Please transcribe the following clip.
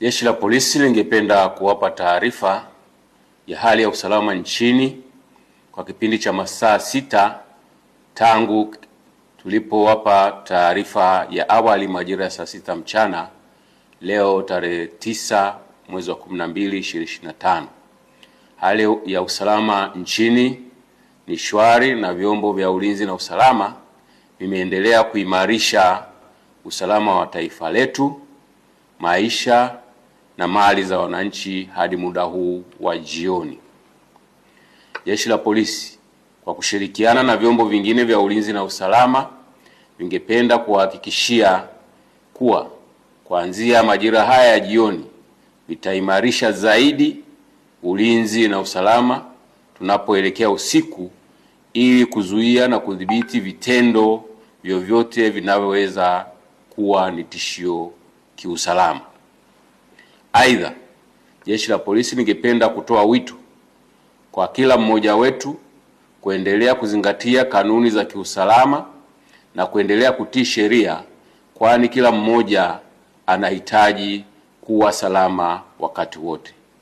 Jeshi la Polisi lingependa kuwapa taarifa ya hali ya usalama nchini kwa kipindi cha masaa sita tangu tulipowapa taarifa ya awali majira ya saa sita mchana leo tarehe tisa mwezi wa 12 2025. Hali ya usalama nchini ni shwari na vyombo vya ulinzi na usalama vimeendelea kuimarisha usalama wa taifa letu, maisha na mali za wananchi hadi muda huu wa jioni. Jeshi la Polisi kwa kushirikiana na vyombo vingine vya ulinzi na usalama vingependa kuwahakikishia kuwa kuanzia majira haya ya jioni vitaimarisha zaidi ulinzi na usalama tunapoelekea usiku ili kuzuia na kudhibiti vitendo vyovyote vinavyoweza kuwa ni tishio kiusalama. Aidha, jeshi la polisi, ningependa kutoa wito kwa kila mmoja wetu kuendelea kuzingatia kanuni za kiusalama na kuendelea kutii sheria, kwani kila mmoja anahitaji kuwa salama wakati wote.